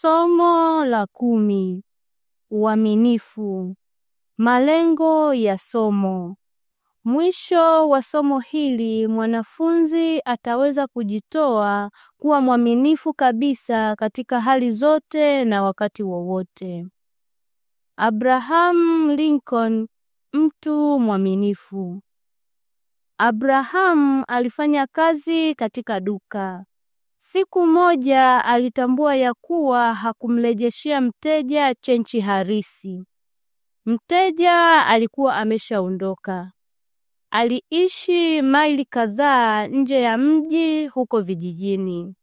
Somo la kumi: uaminifu. Malengo ya somo. Mwisho wa somo hili, mwanafunzi ataweza kujitoa kuwa mwaminifu kabisa katika hali zote na wakati wowote. Abraham Lincoln, mtu mwaminifu. Abraham alifanya kazi katika duka. Siku moja alitambua ya kuwa hakumrejeshea mteja chenchi harisi. Mteja alikuwa ameshaondoka. Aliishi maili kadhaa nje ya mji huko vijijini.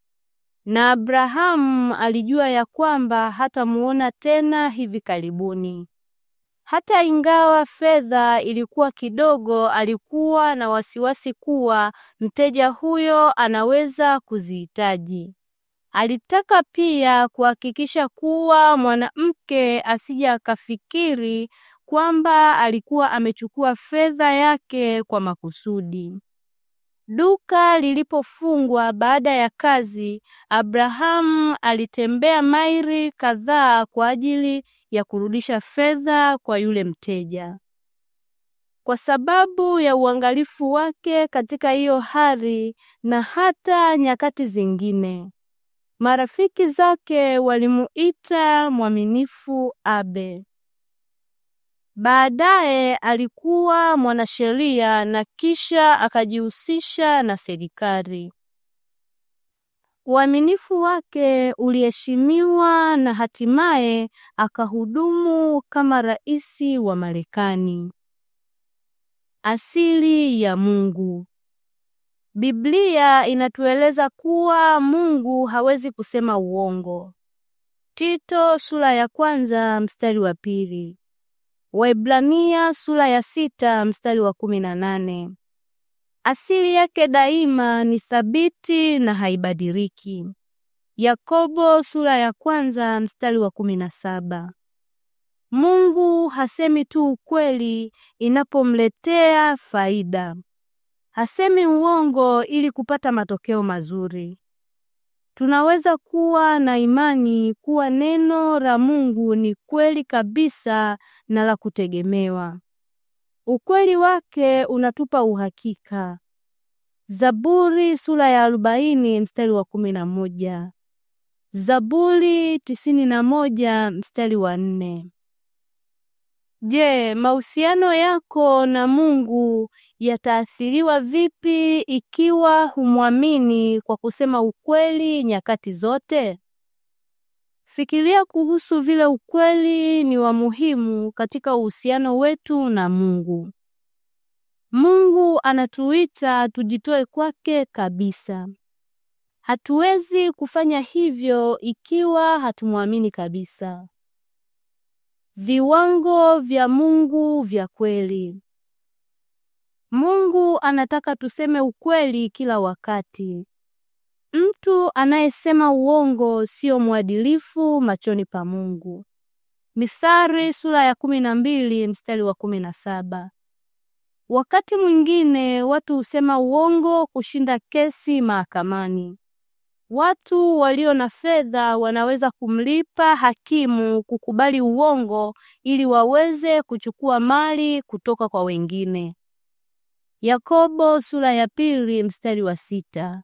Na Abrahamu alijua ya kwamba hatamuona tena hivi karibuni. Hata ingawa fedha ilikuwa kidogo, alikuwa na wasiwasi kuwa mteja huyo anaweza kuzihitaji. Alitaka pia kuhakikisha kuwa mwanamke asije akafikiri kwamba alikuwa amechukua fedha yake kwa makusudi. Duka lilipofungwa baada ya kazi, Abrahamu alitembea mairi kadhaa kwa ajili ya kurudisha fedha kwa yule mteja. Kwa sababu ya uangalifu wake katika hiyo hali na hata nyakati zingine, marafiki zake walimuita mwaminifu Abe. Baadaye alikuwa mwanasheria na kisha akajihusisha na serikali. Uaminifu wake uliheshimiwa na hatimaye akahudumu kama rais wa Marekani. Asili ya Mungu. Biblia inatueleza kuwa Mungu hawezi kusema uongo. Tito sura ya kwanza mstari wa pili. Waibrania sura ya sita mstari wa kumi na nane. Asili yake daima ni thabiti na haibadiriki. Yakobo sura ya kwanza mstari wa kumi na saba. Mungu hasemi tu ukweli inapomletea faida. Hasemi uongo ili kupata matokeo mazuri. Tunaweza kuwa na imani kuwa neno la Mungu ni kweli kabisa na la kutegemewa. Ukweli wake unatupa uhakika. Zaburi sura ya 40 mstari wa kumi moja. Zaburi tisini na moja mstari wa nne. Je, mahusiano yako na Mungu yataathiriwa vipi ikiwa humwamini kwa kusema ukweli nyakati zote? Fikiria kuhusu vile ukweli ni wa muhimu katika uhusiano wetu na Mungu. Mungu anatuita tujitoe kwake kabisa. Hatuwezi kufanya hivyo ikiwa hatumwamini kabisa. Viwango vya Mungu vya kweli. Mungu anataka tuseme ukweli kila wakati. Mtu anayesema uongo siyo mwadilifu machoni pa Mungu. Mithali sura ya kumi na mbili mstari wa kumi na saba. Wakati mwingine watu husema uongo kushinda kesi mahakamani. Watu walio na fedha wanaweza kumlipa hakimu kukubali uongo ili waweze kuchukua mali kutoka kwa wengine. Yakobo sura ya pili mstari wa sita.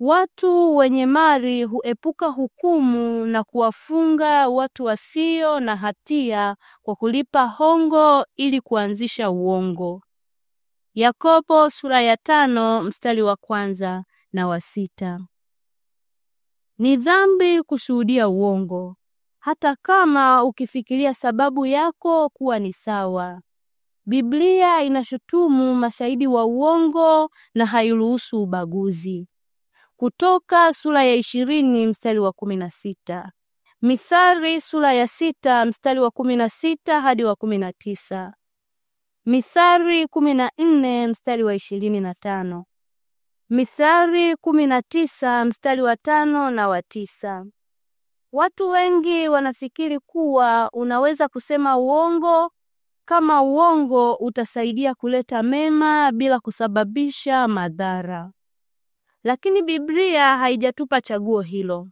Watu wenye mali huepuka hukumu na kuwafunga watu wasio na hatia kwa kulipa hongo ili kuanzisha uongo. Yakobo sura ya tano mstari wa kwanza na wa sita. Ni dhambi kushuhudia uongo hata kama ukifikiria sababu yako kuwa ni sawa. Biblia inashutumu mashahidi wa uongo na hairuhusu ubaguzi. Kutoka sura ya ishirini mstari wa kumi na sita. Mithali sura ya sita mstari wa kumi na sita hadi wa kumi na tisa. Mithali kumi na nne mstari wa ishirini na tano. Mithali kumi na tisa mstari wa tano na wa tisa. Watu wengi wanafikiri kuwa unaweza kusema uongo kama uongo utasaidia kuleta mema bila kusababisha madhara. Lakini Biblia haijatupa chaguo hilo.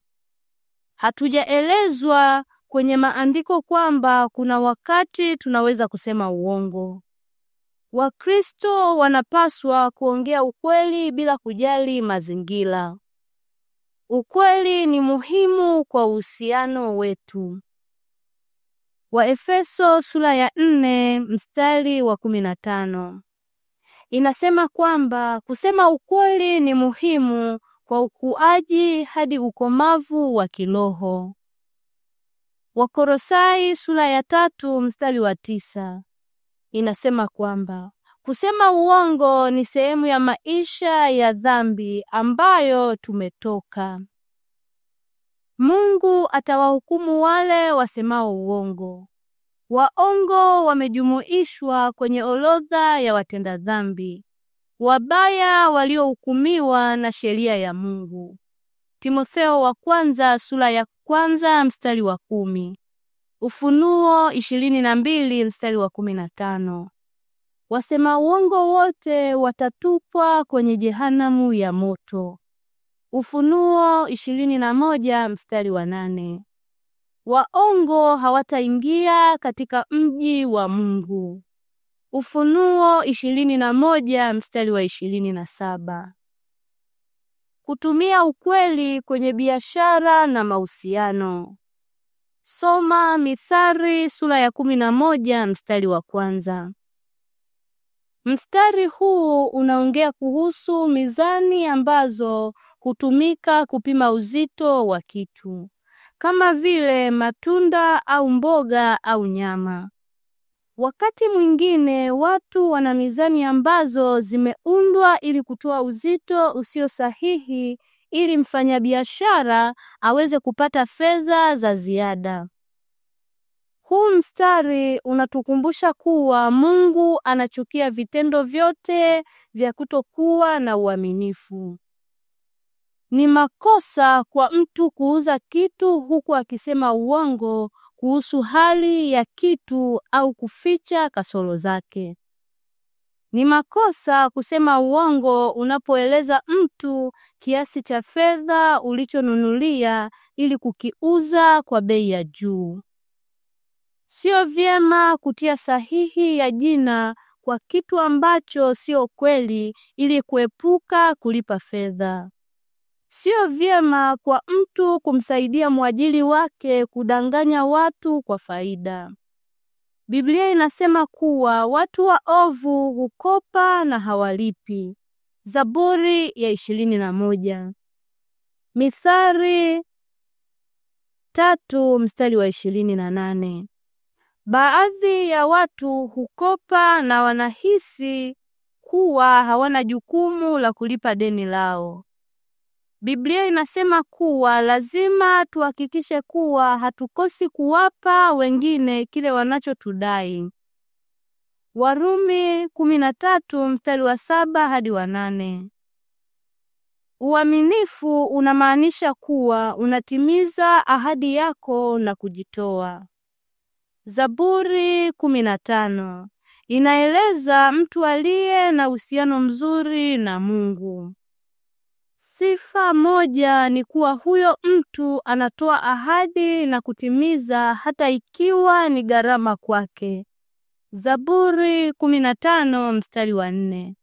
Hatujaelezwa kwenye maandiko kwamba kuna wakati tunaweza kusema uongo. Wakristo wanapaswa kuongea ukweli bila kujali mazingira. Ukweli ni muhimu kwa uhusiano wetu. Waefeso sura ya nne mstari wa kumi na tano inasema kwamba kusema ukweli ni muhimu kwa ukuaji hadi ukomavu wa kiroho. Wakorosai sura ya tatu mstari wa tisa inasema kwamba kusema uongo ni sehemu ya maisha ya dhambi ambayo tumetoka. Mungu atawahukumu wale wasemao uongo. Waongo wamejumuishwa kwenye orodha ya watenda dhambi wabaya waliohukumiwa na sheria ya Mungu. Timotheo wa kwanza sura ya kwanza mstari wa kumi. Ufunuo ishirini na mbili mstari wa kumi na tano. Wasema uongo wote watatupwa kwenye jehanamu ya moto. Ufunuo ishirini na moja mstari wa nane. Waongo hawataingia katika mji wa Mungu. Ufunuo ishirini na moja mstari wa ishirini na saba. Kutumia ukweli kwenye biashara na mahusiano. Soma Mithali sura ya kumi na moja mstari wa kwanza. Mstari huu unaongea kuhusu mizani ambazo hutumika kupima uzito wa kitu kama vile matunda au mboga au nyama. Wakati mwingine watu wana mizani ambazo zimeundwa ili kutoa uzito usio sahihi ili mfanyabiashara aweze kupata fedha za ziada. Huu mstari unatukumbusha kuwa Mungu anachukia vitendo vyote vya kutokuwa na uaminifu. Ni makosa kwa mtu kuuza kitu huku akisema uongo kuhusu hali ya kitu au kuficha kasoro zake. Ni makosa kusema uongo unapoeleza mtu kiasi cha fedha ulichonunulia ili kukiuza kwa bei ya juu. Sio vyema kutia sahihi ya jina kwa kitu ambacho sio kweli ili kuepuka kulipa fedha. Sio vyema kwa mtu kumsaidia mwajili wake kudanganya watu kwa faida. Biblia inasema kuwa watu waovu hukopa na hawalipi. Zaburi ya ishirini na moja. Mithali tatu mstari wa ishirini na nane. Baadhi ya watu hukopa na wanahisi kuwa hawana jukumu la kulipa deni lao. Biblia inasema kuwa lazima tuhakikishe kuwa hatukosi kuwapa wengine kile wanachotudai. Warumi 13 mstari wa saba hadi wa nane. Uaminifu unamaanisha kuwa unatimiza ahadi yako na kujitoa. Zaburi 15 inaeleza mtu aliye na uhusiano mzuri na Mungu. Sifa moja ni kuwa huyo mtu anatoa ahadi na kutimiza hata ikiwa ni gharama kwake. Zaburi 15 mstari wa nne.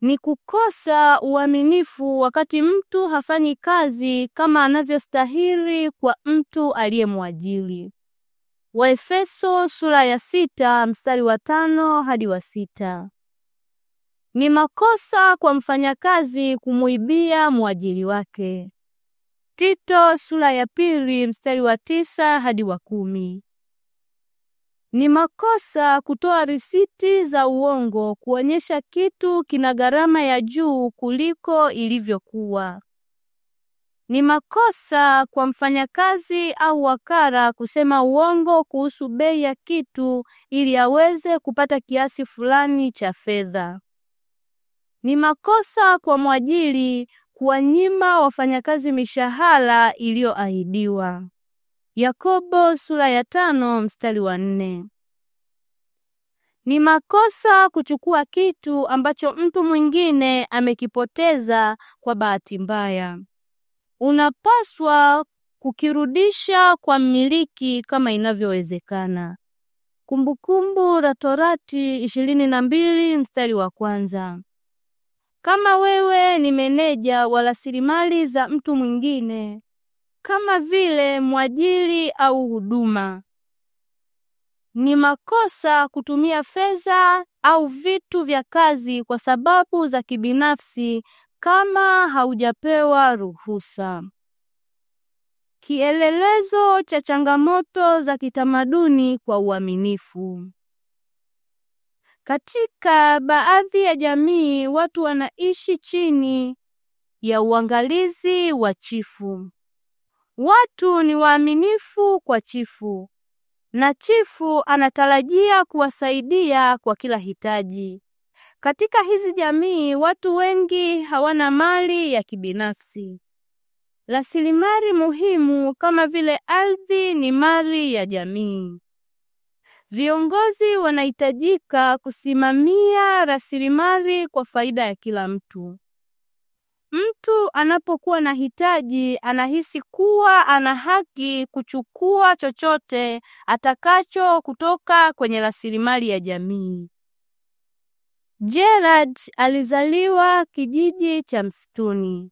Ni kukosa uaminifu wakati mtu hafanyi kazi kama anavyostahili kwa mtu aliyemwajiri. Waefeso sura ya sita mstari wa tano hadi wa sita. Ni makosa kwa mfanyakazi kumuibia mwajiri wake. Tito sura ya pili mstari wa tisa hadi wa kumi. Ni makosa kutoa risiti za uongo kuonyesha kitu kina gharama ya juu kuliko ilivyokuwa. Ni makosa kwa mfanyakazi au wakara kusema uongo kuhusu bei ya kitu ili aweze kupata kiasi fulani cha fedha. Ni makosa kwa mwajiri kuwanyima wafanyakazi mishahara iliyoahidiwa. Yakobo sura ya tano mstari wa nne. Ni makosa kuchukua kitu ambacho mtu mwingine amekipoteza kwa bahati mbaya. Unapaswa kukirudisha kwa mmiliki kama inavyowezekana. Kumbukumbu la Torati ishirini na mbili mstari wa kwanza. Kama wewe ni meneja wa rasilimali za mtu mwingine, kama vile mwajiri au huduma, ni makosa kutumia fedha au vitu vya kazi kwa sababu za kibinafsi kama haujapewa ruhusa. Kielelezo cha changamoto za kitamaduni kwa uaminifu. Katika baadhi ya jamii watu wanaishi chini ya uangalizi wa chifu. Watu ni waaminifu kwa chifu na chifu anatarajia kuwasaidia kwa kila hitaji. Katika hizi jamii watu wengi hawana mali ya kibinafsi. Rasilimali muhimu kama vile ardhi ni mali ya jamii. Viongozi wanahitajika kusimamia rasilimali kwa faida ya kila mtu. Mtu anapokuwa na hitaji anahisi kuwa ana haki kuchukua chochote atakacho kutoka kwenye rasilimali ya jamii. Gerard alizaliwa kijiji cha msituni.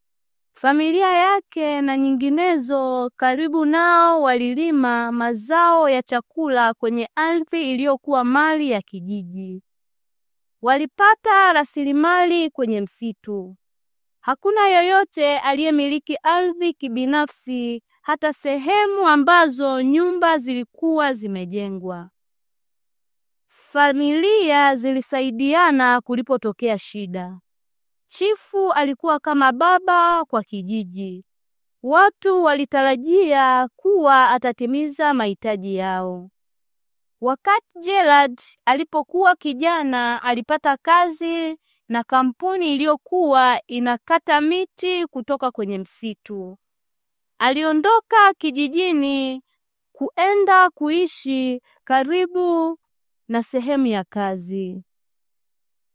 Familia yake na nyinginezo karibu nao walilima mazao ya chakula kwenye ardhi iliyokuwa mali ya kijiji. Walipata rasilimali kwenye msitu. Hakuna yoyote aliyemiliki ardhi kibinafsi, hata sehemu ambazo nyumba zilikuwa zimejengwa. Familia zilisaidiana kulipotokea shida. Chifu alikuwa kama baba kwa kijiji. Watu walitarajia kuwa atatimiza mahitaji yao. Wakati Gerald alipokuwa kijana, alipata kazi na kampuni iliyokuwa inakata miti kutoka kwenye msitu. Aliondoka kijijini kuenda kuishi karibu na sehemu ya kazi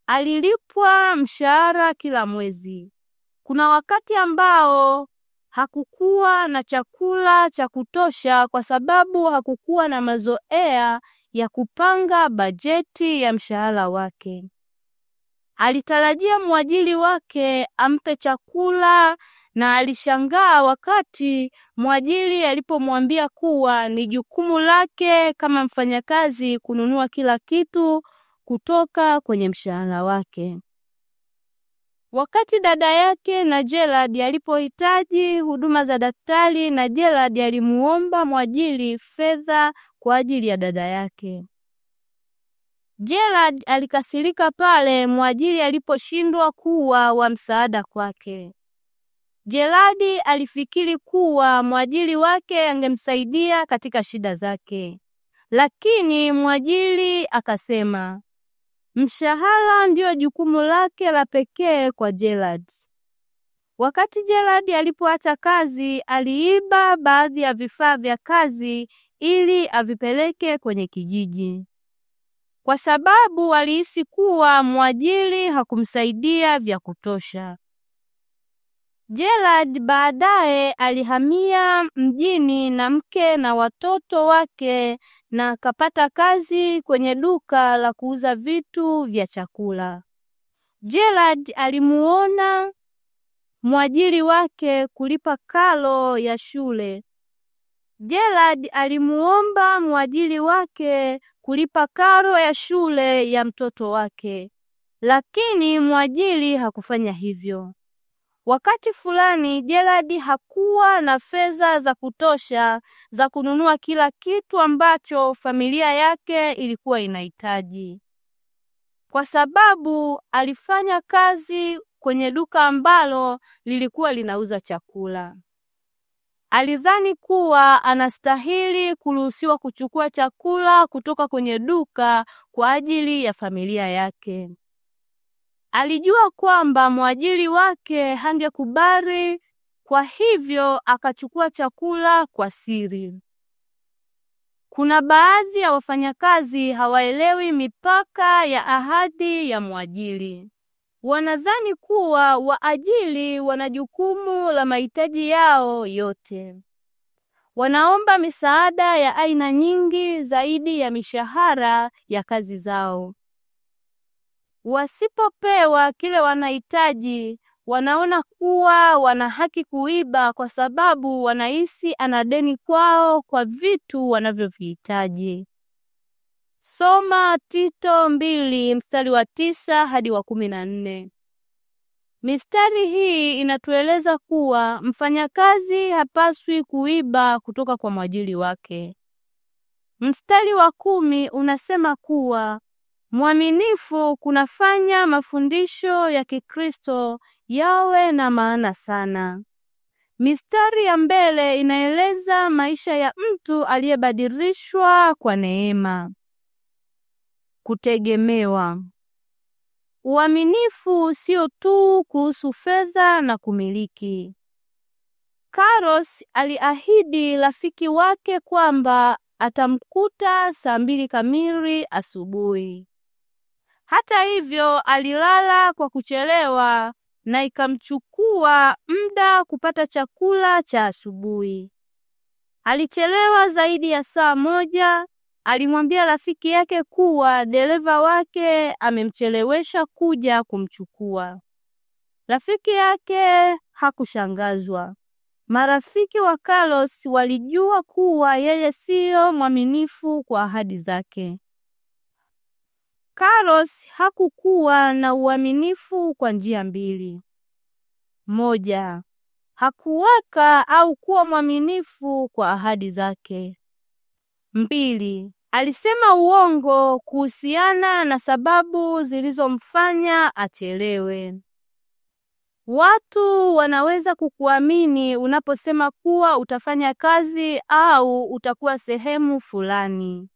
alilipwa mshahara kila mwezi. Kuna wakati ambao hakukuwa na chakula cha kutosha kwa sababu hakukuwa na mazoea ya kupanga bajeti ya mshahara wake. Alitarajia mwajiri wake ampe chakula na alishangaa wakati mwajiri alipomwambia kuwa ni jukumu lake kama mfanyakazi kununua kila kitu kutoka kwenye mshahara wake. Wakati dada yake na Gerald alipohitaji huduma za daktari na Gerald alimuomba mwajiri fedha kwa ajili ya dada yake. Gerald alikasirika pale mwajiri aliposhindwa kuwa wa msaada kwake. Gerald alifikiri kuwa mwajiri wake angemsaidia katika shida zake. Lakini mwajiri akasema, Mshahara ndiyo jukumu lake la pekee kwa Gerard. Wakati Gerard alipoacha kazi, aliiba baadhi ya vifaa vya kazi ili avipeleke kwenye kijiji, kwa sababu walihisi kuwa mwajiri hakumsaidia vya kutosha. Gerard baadaye alihamia mjini na mke na watoto wake na akapata kazi kwenye duka la kuuza vitu vya chakula. Gerard alimuona mwajiri wake kulipa karo ya shule. Gerard alimuomba mwajiri wake kulipa karo ya shule ya mtoto wake, lakini mwajiri hakufanya hivyo. Wakati fulani Jeradi hakuwa na fedha za kutosha za kununua kila kitu ambacho familia yake ilikuwa inahitaji, kwa sababu alifanya kazi kwenye duka ambalo lilikuwa linauza chakula. Alidhani kuwa anastahili kuruhusiwa kuchukua chakula kutoka kwenye duka kwa ajili ya familia yake. Alijua kwamba mwajiri wake hangekubali, kwa hivyo akachukua chakula kwa siri. Kuna baadhi ya wafanyakazi hawaelewi mipaka ya ahadi ya mwajiri. Wanadhani kuwa waajiri wana jukumu la mahitaji yao yote. Wanaomba misaada ya aina nyingi zaidi ya mishahara ya kazi zao. Wasipopewa kile wanahitaji, wanaona kuwa wana haki kuiba kwa sababu wanahisi ana deni kwao kwa vitu wanavyovihitaji. Soma Tito mbili mstari wa tisa hadi wa kumi na nne. Mistari hii inatueleza kuwa mfanyakazi hapaswi kuiba kutoka kwa mwajiri wake. Mstari wa kumi unasema kuwa mwaminifu kunafanya mafundisho ya Kikristo yawe na maana sana. Mistari ya mbele inaeleza maisha ya mtu aliyebadilishwa kwa neema. Kutegemewa. Uaminifu sio tu kuhusu fedha na kumiliki. Carlos aliahidi rafiki wake kwamba atamkuta saa mbili kamili asubuhi. Hata hivyo, alilala kwa kuchelewa na ikamchukua muda kupata chakula cha asubuhi. Alichelewa zaidi ya saa moja. Alimwambia rafiki yake kuwa dereva wake amemchelewesha kuja kumchukua. Rafiki yake hakushangazwa. Marafiki wa Carlos walijua kuwa yeye siyo mwaminifu kwa ahadi zake. Carlos hakukuwa na uaminifu kwa njia mbili. Moja, hakuweka au kuwa mwaminifu kwa ahadi zake. Mbili, alisema uongo kuhusiana na sababu zilizomfanya achelewe. Watu wanaweza kukuamini unaposema kuwa utafanya kazi au utakuwa sehemu fulani.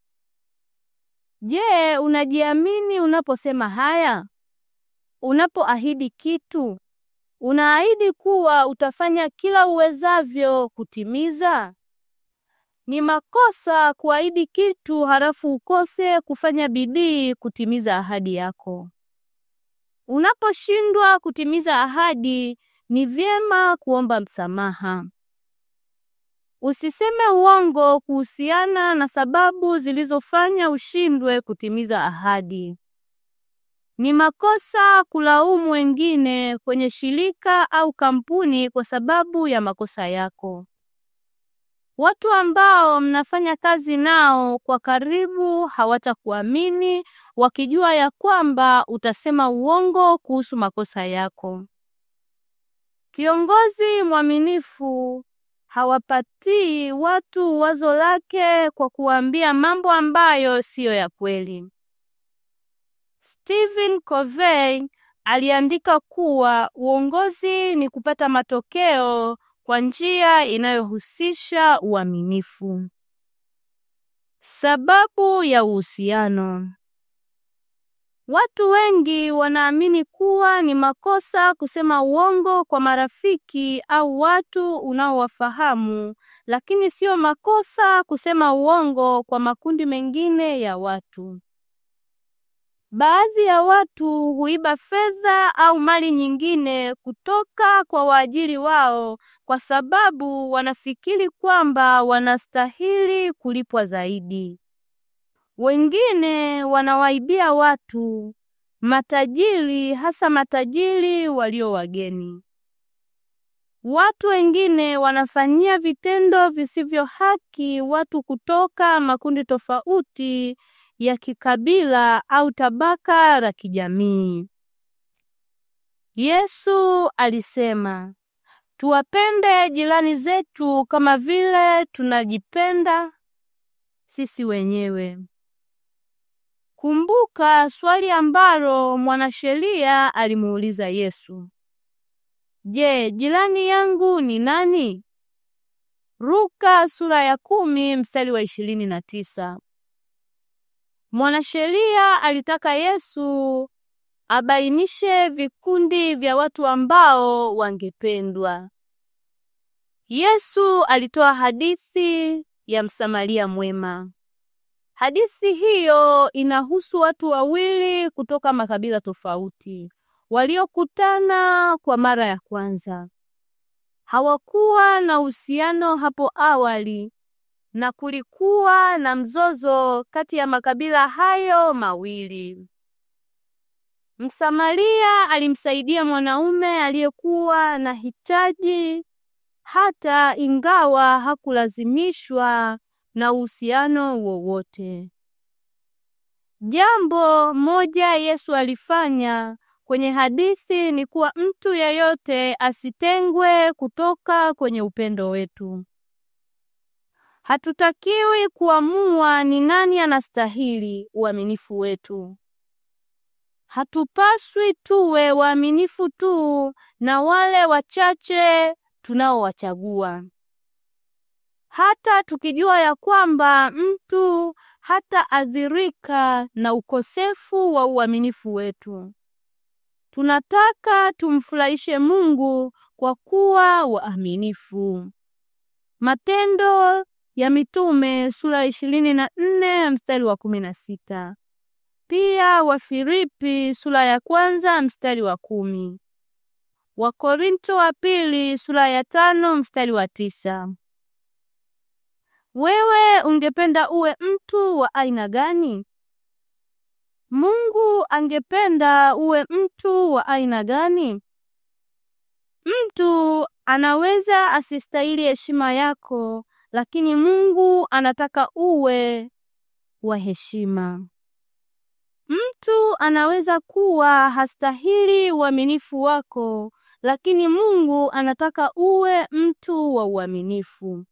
Je, unajiamini unaposema haya? Unapoahidi kitu, unaahidi kuwa utafanya kila uwezavyo kutimiza? Ni makosa kuahidi kitu halafu ukose kufanya bidii kutimiza ahadi yako. Unaposhindwa kutimiza ahadi, ni vyema kuomba msamaha. Usiseme uongo kuhusiana na sababu zilizofanya ushindwe kutimiza ahadi. Ni makosa kulaumu wengine kwenye shirika au kampuni kwa sababu ya makosa yako. Watu ambao mnafanya kazi nao kwa karibu hawatakuamini wakijua ya kwamba utasema uongo kuhusu makosa yako. Kiongozi mwaminifu hawapatii watu wazo lake kwa kuambia mambo ambayo siyo ya kweli. Stephen Covey aliandika kuwa uongozi ni kupata matokeo kwa njia inayohusisha uaminifu. Sababu ya uhusiano. Watu wengi wanaamini kuwa ni makosa kusema uongo kwa marafiki au watu unaowafahamu, lakini sio makosa kusema uongo kwa makundi mengine ya watu. Baadhi ya watu huiba fedha au mali nyingine kutoka kwa waajiri wao kwa sababu wanafikiri kwamba wanastahili kulipwa zaidi wengine wanawaibia watu, matajiri hasa matajiri walio wageni. Watu wengine wanafanyia vitendo visivyo haki watu kutoka makundi tofauti ya kikabila au tabaka la kijamii. Yesu alisema, tuwapende jirani zetu kama vile tunajipenda sisi wenyewe. Kumbuka swali ambalo mwanasheria alimuuliza Yesu. Je, jirani yangu ni nani? Luka sura ya kumi mstari wa ishirini na tisa. Mwanasheria alitaka Yesu abainishe vikundi vya watu ambao wangependwa. Yesu alitoa hadithi ya Msamaria mwema. Hadithi hiyo inahusu watu wawili kutoka makabila tofauti waliokutana kwa mara ya kwanza. Hawakuwa na uhusiano hapo awali na kulikuwa na mzozo kati ya makabila hayo mawili. Msamaria alimsaidia mwanaume aliyekuwa na hitaji hata ingawa hakulazimishwa na uhusiano wowote. Jambo moja Yesu alifanya kwenye hadithi ni kuwa mtu yeyote asitengwe kutoka kwenye upendo wetu. Hatutakiwi kuamua ni nani anastahili uaminifu wetu. Hatupaswi tuwe waaminifu tu na wale wachache tunaowachagua hata tukijua ya kwamba mtu hata adhirika na ukosefu wa uaminifu wetu. Tunataka tumfurahishe Mungu kwa kuwa waaminifu. Matendo ya Mitume sura 24 mstari wa kumi sita pia Wafilipi sura ya kwanza mstari wa kumi Wakorinto wa pili sura ya tano mstari wa tisa wewe ungependa uwe mtu wa aina gani? Mungu angependa uwe mtu wa aina gani? Mtu anaweza asistahili heshima yako, lakini Mungu anataka uwe wa heshima. Mtu anaweza kuwa hastahili uaminifu wako, lakini Mungu anataka uwe mtu wa uaminifu.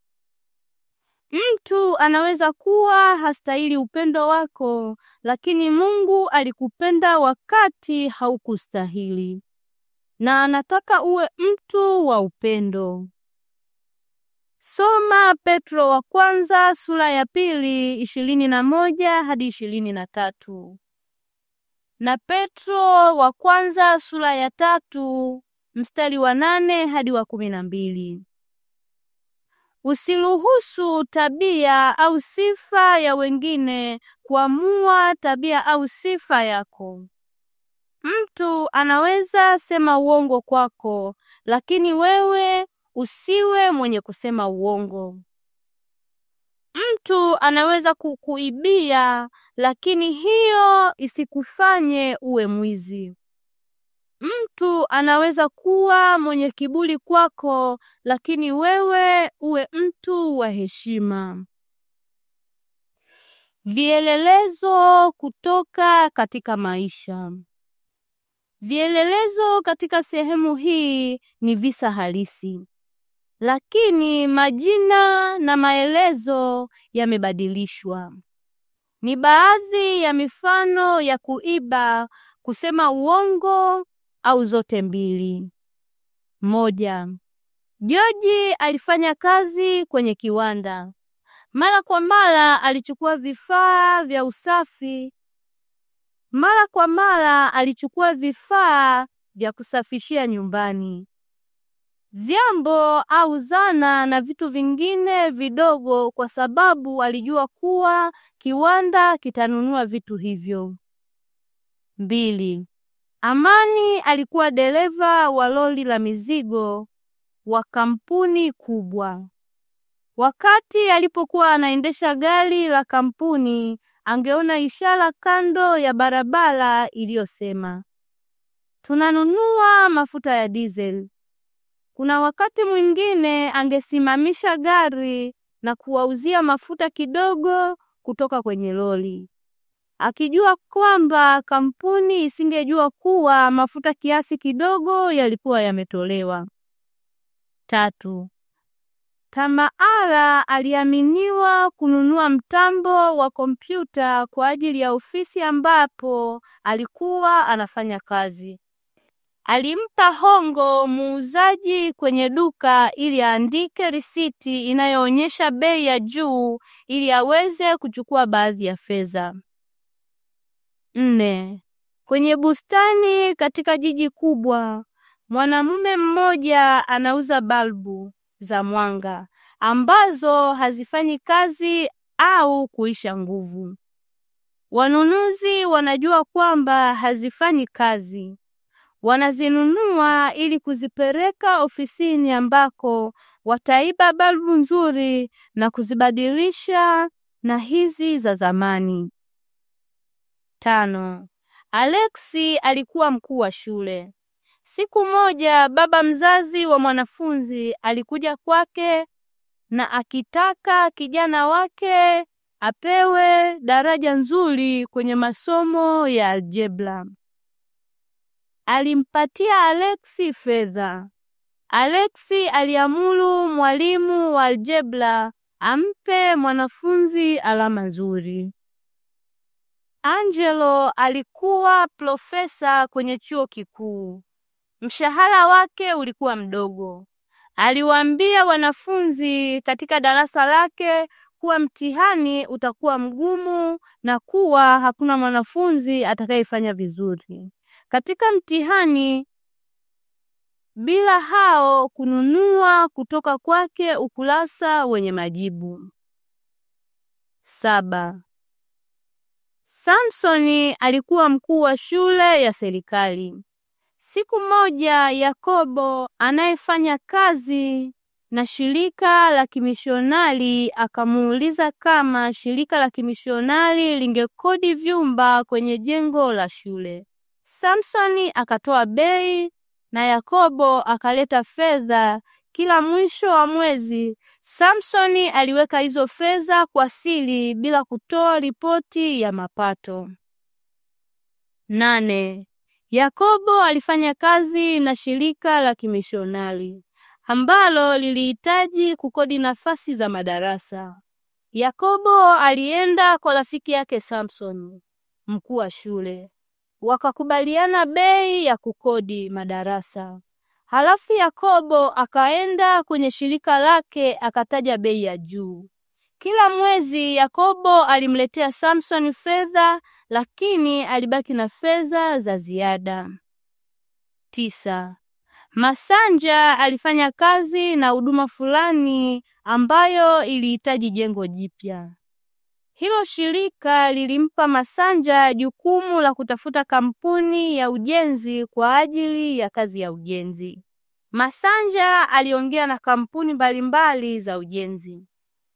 Mtu anaweza kuwa hastahili upendo wako, lakini Mungu alikupenda wakati haukustahili na anataka uwe mtu wa upendo. Soma Petro wa kwanza sura ya pili ishirini na moja hadi ishirini na tatu na Petro wa kwanza sura ya tatu mstari wa nane hadi wa kumi na mbili. Usiruhusu tabia au sifa ya wengine kuamua tabia au sifa yako. Mtu anaweza sema uongo kwako, lakini wewe usiwe mwenye kusema uongo. Mtu anaweza kukuibia, lakini hiyo isikufanye uwe mwizi. Mtu anaweza kuwa mwenye kiburi kwako, lakini wewe uwe mtu wa heshima. Vielelezo kutoka katika maisha. Vielelezo katika sehemu hii ni visa halisi, lakini majina na maelezo yamebadilishwa. Ni baadhi ya mifano ya kuiba, kusema uongo au zote mbili. Moja, George alifanya kazi kwenye kiwanda. Mara kwa mara alichukua vifaa vya usafi. Mara kwa mara alichukua vifaa vya kusafishia nyumbani. Vyombo au zana na vitu vingine vidogo kwa sababu alijua kuwa kiwanda kitanunua vitu hivyo. Mbili, Amani alikuwa dereva wa lori la mizigo wa kampuni kubwa. Wakati alipokuwa anaendesha gari la kampuni, angeona ishara kando ya barabara iliyosema tunanunua mafuta ya dizeli. Kuna wakati mwingine angesimamisha gari na kuwauzia mafuta kidogo kutoka kwenye lori akijua kwamba kampuni isingejua kuwa mafuta kiasi kidogo yalikuwa yametolewa. Tatu, Tamaara aliaminiwa kununua mtambo wa kompyuta kwa ajili ya ofisi ambapo alikuwa anafanya kazi. Alimpa hongo muuzaji kwenye duka ili aandike risiti inayoonyesha bei ya juu ili aweze kuchukua baadhi ya fedha. Nne. Kwenye bustani katika jiji kubwa, mwanamume mmoja anauza balbu za mwanga ambazo hazifanyi kazi au kuisha nguvu. Wanunuzi wanajua kwamba hazifanyi kazi, wanazinunua ili kuzipeleka ofisini ambako wataiba balbu nzuri na kuzibadilisha na hizi za zamani. Tano. Alexi alikuwa mkuu wa shule. Siku moja baba mzazi wa mwanafunzi alikuja kwake na akitaka kijana wake apewe daraja nzuri kwenye masomo ya aljebra. Alimpatia Alexi fedha. Alexi aliamuru mwalimu wa aljebra ampe mwanafunzi alama nzuri. Angelo alikuwa profesa kwenye chuo kikuu. Mshahara wake ulikuwa mdogo. Aliwaambia wanafunzi katika darasa lake kuwa mtihani utakuwa mgumu na kuwa hakuna mwanafunzi atakayefanya vizuri katika mtihani bila hao kununua kutoka kwake ukurasa wenye majibu. Saba. Samsoni alikuwa mkuu wa shule ya serikali. Siku moja Yakobo anayefanya kazi na shirika la kimishonari akamuuliza kama shirika la kimishonari lingekodi vyumba kwenye jengo la shule. Samsoni akatoa bei na Yakobo akaleta fedha kila mwisho wa mwezi, Samsoni aliweka hizo fedha kwa siri bila kutoa ripoti ya mapato. Nane, Yakobo alifanya kazi na shirika la kimishonari ambalo lilihitaji kukodi nafasi za madarasa. Yakobo alienda kwa rafiki yake Samsoni, mkuu wa shule, wakakubaliana bei ya kukodi madarasa. Halafu Yakobo akaenda kwenye shirika lake akataja bei ya juu. Kila mwezi Yakobo alimletea Samsoni fedha, lakini alibaki na fedha za ziada. Tisa. Masanja alifanya kazi na huduma fulani ambayo ilihitaji jengo jipya. Hilo shirika lilimpa Masanja jukumu la kutafuta kampuni ya ujenzi kwa ajili ya kazi ya ujenzi. Masanja aliongea na kampuni mbalimbali za ujenzi.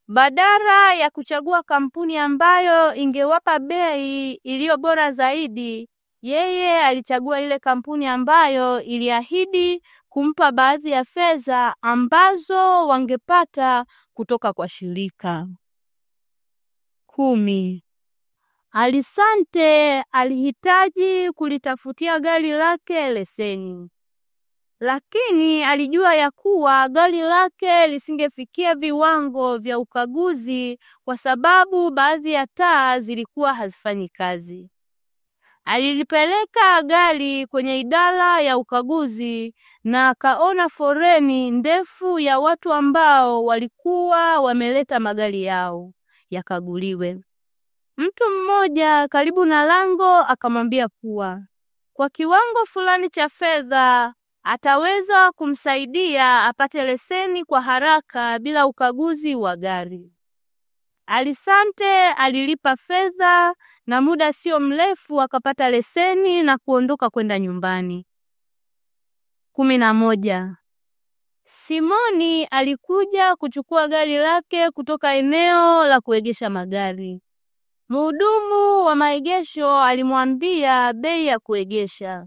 Badala ya kuchagua kampuni ambayo ingewapa bei iliyo bora zaidi, yeye alichagua ile kampuni ambayo iliahidi kumpa baadhi ya fedha ambazo wangepata kutoka kwa shirika kumi. Alisante alihitaji kulitafutia gari lake leseni, lakini alijua ya kuwa gari lake lisingefikia viwango vya ukaguzi kwa sababu baadhi ya taa zilikuwa hazifanyi kazi. Alilipeleka gari kwenye idara ya ukaguzi na akaona foreni ndefu ya watu ambao walikuwa wameleta magari yao yakaguliwe. Mtu mmoja karibu na lango akamwambia kuwa kwa kiwango fulani cha fedha ataweza kumsaidia apate leseni kwa haraka bila ukaguzi wa gari. Alisante alilipa fedha na muda sio mrefu akapata leseni na kuondoka kwenda nyumbani. kumi na moja. Simoni alikuja kuchukua gari lake kutoka eneo la kuegesha magari. Mhudumu wa maegesho alimwambia bei ya kuegesha.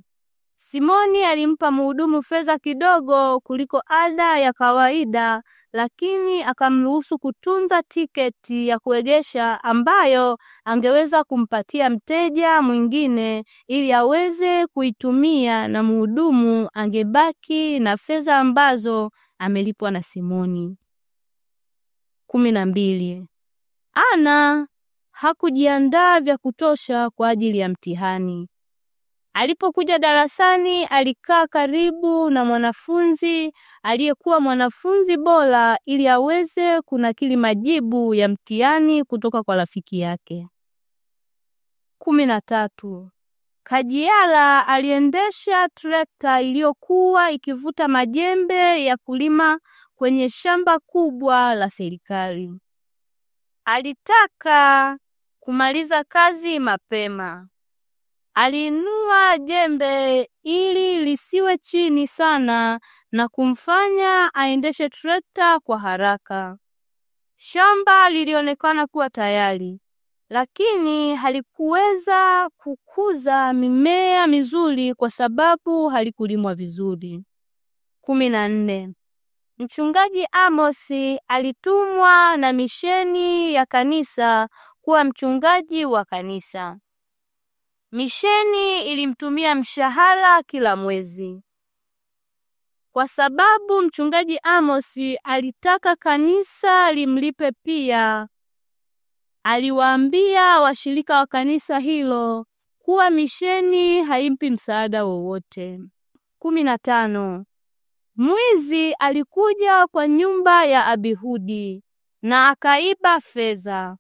Simoni alimpa mhudumu fedha kidogo kuliko ada ya kawaida, lakini akamruhusu kutunza tiketi ya kuegesha ambayo angeweza kumpatia mteja mwingine ili aweze kuitumia, na mhudumu angebaki na fedha ambazo amelipwa na Simoni. kumi na mbili. Ana hakujiandaa vya kutosha kwa ajili ya mtihani. Alipokuja darasani alikaa karibu na mwanafunzi aliyekuwa mwanafunzi bora ili aweze kunakili majibu ya mtihani kutoka kwa rafiki yake. kumi na tatu. Kajiala aliendesha trekta iliyokuwa ikivuta majembe ya kulima kwenye shamba kubwa la serikali. Alitaka kumaliza kazi mapema. Aliinua jembe ili lisiwe chini sana na kumfanya aendeshe trekta kwa haraka. Shamba lilionekana kuwa tayari, lakini halikuweza kukuza mimea mizuri kwa sababu halikulimwa vizuri. kumi na nne. Mchungaji Amosi alitumwa na misheni ya kanisa kuwa mchungaji wa kanisa. Misheni ilimtumia mshahara kila mwezi. Kwa sababu mchungaji Amos alitaka kanisa limlipe pia, aliwaambia washirika wa kanisa hilo kuwa misheni haimpi msaada wowote. kumi na tano. Mwizi alikuja kwa nyumba ya Abihudi na akaiba fedha.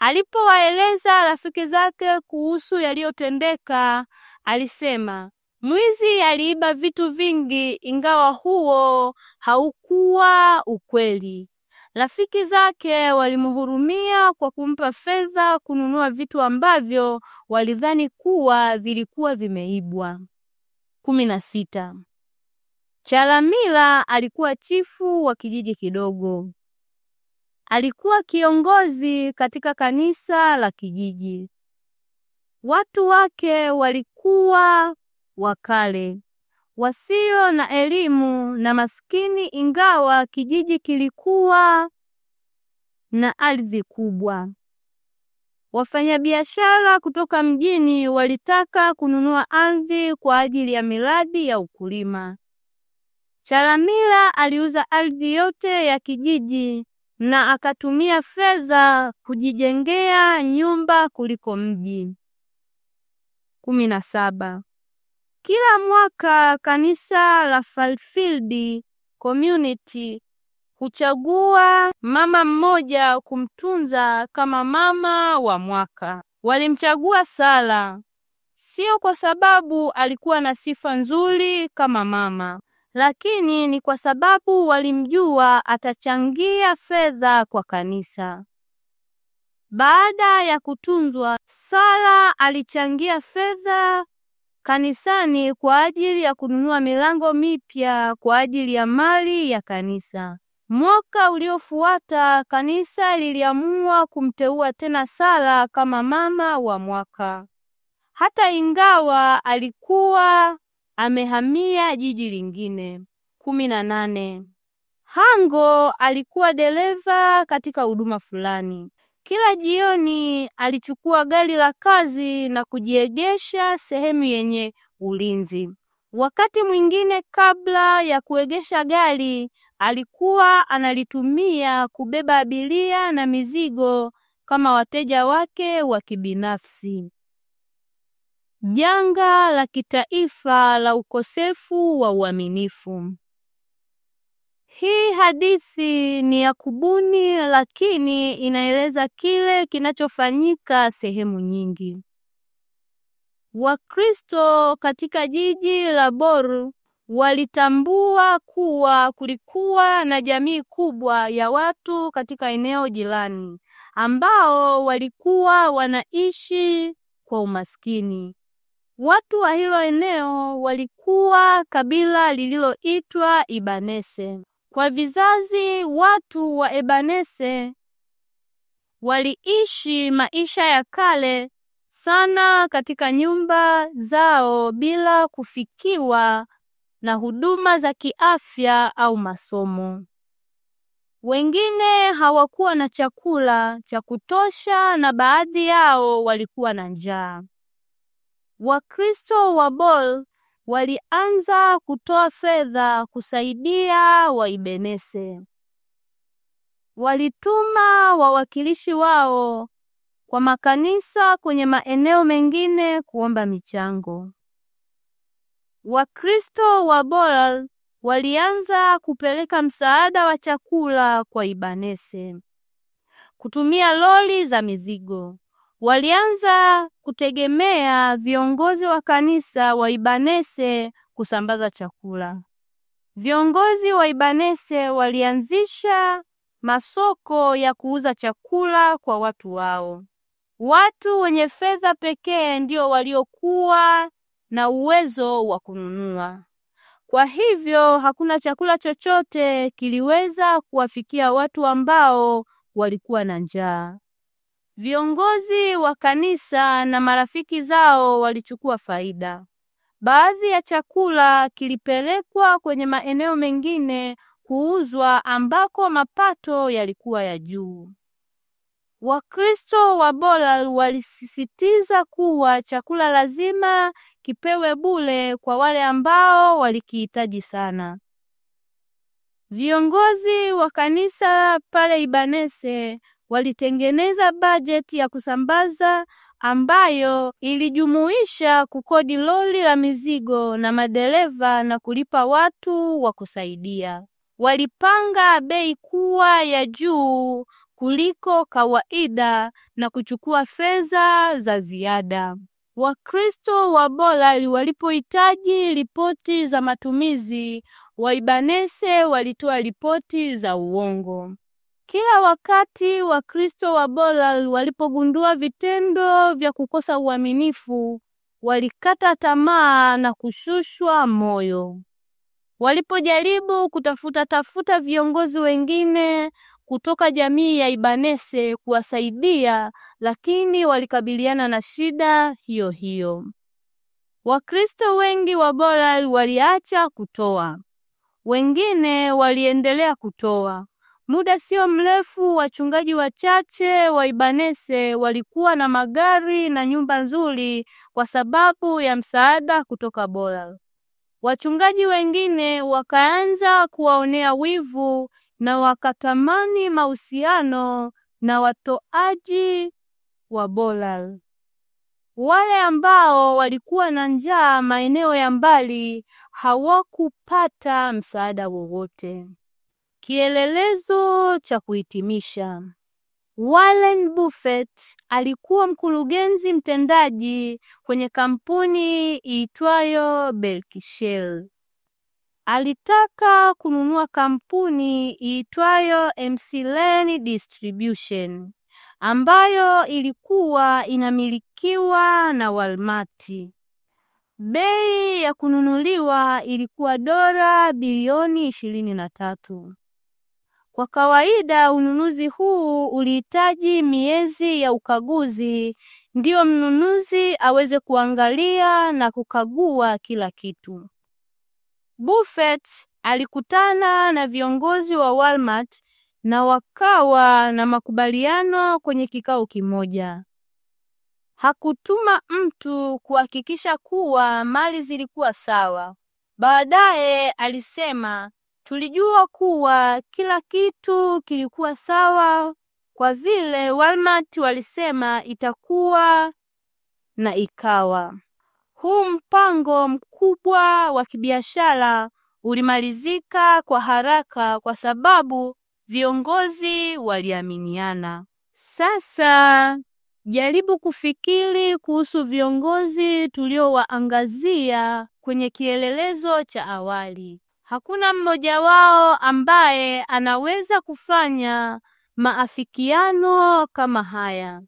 Alipowaeleza rafiki zake kuhusu yaliyotendeka, alisema mwizi aliiba vitu vingi, ingawa huo haukuwa ukweli. Rafiki zake walimhurumia kwa kumpa fedha kununua vitu ambavyo walidhani kuwa vilikuwa vimeibwa. kumi na sita. Chalamila alikuwa chifu wa kijiji kidogo. Alikuwa kiongozi katika kanisa la kijiji. Watu wake walikuwa wakale, wasio na elimu na maskini, ingawa kijiji kilikuwa na ardhi kubwa. Wafanyabiashara kutoka mjini walitaka kununua ardhi kwa ajili ya miradi ya ukulima. Chalamila aliuza ardhi yote ya kijiji na akatumia fedha kujijengea nyumba kuliko mji. kumi na saba. Kila mwaka kanisa la Fairfield Community huchagua mama mmoja kumtunza kama mama wa mwaka. Walimchagua sala sio kwa sababu alikuwa na sifa nzuri kama mama, lakini ni kwa sababu walimjua atachangia fedha kwa kanisa. Baada ya kutunzwa, Sara alichangia fedha kanisani kwa ajili ya kununua milango mipya kwa ajili ya mali ya kanisa. Mwaka uliofuata kanisa liliamua kumteua tena Sara kama mama wa mwaka. Hata ingawa alikuwa amehamia jiji lingine. kumi na nane. Hango alikuwa dereva katika huduma fulani. Kila jioni alichukua gari la kazi na kujiegesha sehemu yenye ulinzi. Wakati mwingine, kabla ya kuegesha gari, alikuwa analitumia kubeba abiria na mizigo kama wateja wake wa kibinafsi. Janga la kitaifa la ukosefu wa uaminifu. Hii hadithi ni ya kubuni, lakini inaeleza kile kinachofanyika sehemu nyingi. Wakristo katika jiji la Boru walitambua kuwa kulikuwa na jamii kubwa ya watu katika eneo jirani ambao walikuwa wanaishi kwa umaskini. Watu wa hilo eneo walikuwa kabila lililoitwa Ibanese. Kwa vizazi watu wa Ebanese waliishi maisha ya kale sana katika nyumba zao bila kufikiwa na huduma za kiafya au masomo. Wengine hawakuwa na chakula cha kutosha na baadhi yao walikuwa na njaa. Wakristo wa Bol walianza kutoa fedha kusaidia Waibenese. Walituma wawakilishi wao kwa makanisa kwenye maeneo mengine kuomba michango. Wakristo wa Bol walianza kupeleka msaada wa chakula kwa Ibanese kutumia loli za mizigo walianza kutegemea viongozi wa kanisa wa Ibanese kusambaza chakula. Viongozi wa Ibanese walianzisha masoko ya kuuza chakula kwa watu wao. Watu wenye fedha pekee ndio waliokuwa na uwezo wa kununua. Kwa hivyo hakuna chakula chochote kiliweza kuwafikia watu ambao walikuwa na njaa. Viongozi wa kanisa na marafiki zao walichukua faida. Baadhi ya chakula kilipelekwa kwenye maeneo mengine kuuzwa ambako mapato yalikuwa ya juu. Wakristo wa Bolal walisisitiza kuwa chakula lazima kipewe bule kwa wale ambao walikihitaji sana. Viongozi wa kanisa pale Ibanese walitengeneza bajeti ya kusambaza ambayo ilijumuisha kukodi lori la mizigo na madereva na kulipa watu wa kusaidia. Walipanga bei kuwa ya juu kuliko kawaida na kuchukua fedha za ziada. Wakristo wa Bolali walipohitaji ripoti za matumizi, Waibanese walitoa ripoti za uongo. Kila wakati Wakristo wa Boral walipogundua vitendo vya kukosa uaminifu, walikata tamaa na kushushwa moyo. Walipojaribu kutafuta tafuta viongozi wengine kutoka jamii ya Ibanese kuwasaidia, lakini walikabiliana na shida hiyo hiyo. Wakristo wengi wa Boral waliacha kutoa, wengine waliendelea kutoa Muda sio mrefu, wachungaji wachache wa Ibanese walikuwa na magari na nyumba nzuri kwa sababu ya msaada kutoka Bolal. Wachungaji wengine wakaanza kuwaonea wivu na wakatamani mahusiano na watoaji wa Bolal. Wale ambao walikuwa na njaa maeneo ya mbali hawakupata msaada wowote. Kielelezo cha kuhitimisha. Warren Buffett alikuwa mkurugenzi mtendaji kwenye kampuni iitwayo Berkshire. Alitaka kununua kampuni iitwayo McLaren Distribution ambayo ilikuwa inamilikiwa na Walmart. Bei ya kununuliwa ilikuwa dola bilioni ishirini na tatu. Kwa kawaida ununuzi huu ulihitaji miezi ya ukaguzi ndiyo mnunuzi aweze kuangalia na kukagua kila kitu. Buffett alikutana na viongozi wa Walmart na wakawa na makubaliano kwenye kikao kimoja. Hakutuma mtu kuhakikisha kuwa mali zilikuwa sawa. Baadaye alisema Tulijua kuwa kila kitu kilikuwa sawa kwa vile Walmart walisema itakuwa na ikawa. Huu mpango mkubwa wa kibiashara ulimalizika kwa haraka kwa sababu viongozi waliaminiana. Sasa jaribu kufikiri kuhusu viongozi tuliowaangazia kwenye kielelezo cha awali. Hakuna mmoja wao ambaye anaweza kufanya maafikiano kama haya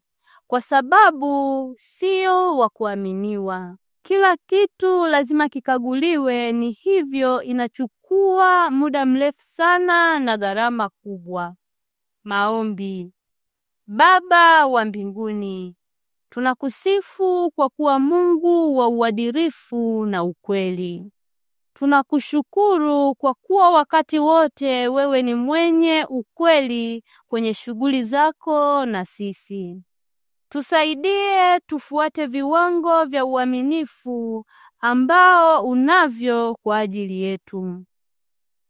kwa sababu sio wa kuaminiwa. Kila kitu lazima kikaguliwe, ni hivyo inachukua muda mrefu sana na gharama kubwa. Maombi. Baba wa mbinguni, tunakusifu kwa kuwa Mungu wa uadilifu na ukweli. Tunakushukuru kwa kuwa wakati wote wewe ni mwenye ukweli kwenye shughuli zako na sisi. Tusaidie tufuate viwango vya uaminifu ambao unavyo kwa ajili yetu.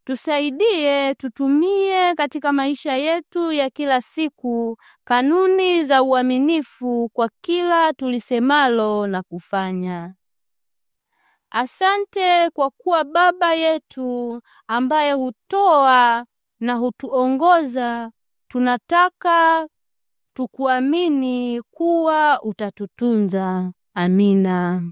Tusaidie tutumie katika maisha yetu ya kila siku kanuni za uaminifu kwa kila tulisemalo na kufanya. Asante kwa kuwa Baba yetu ambaye hutoa na hutuongoza. Tunataka tukuamini kuwa utatutunza. Amina.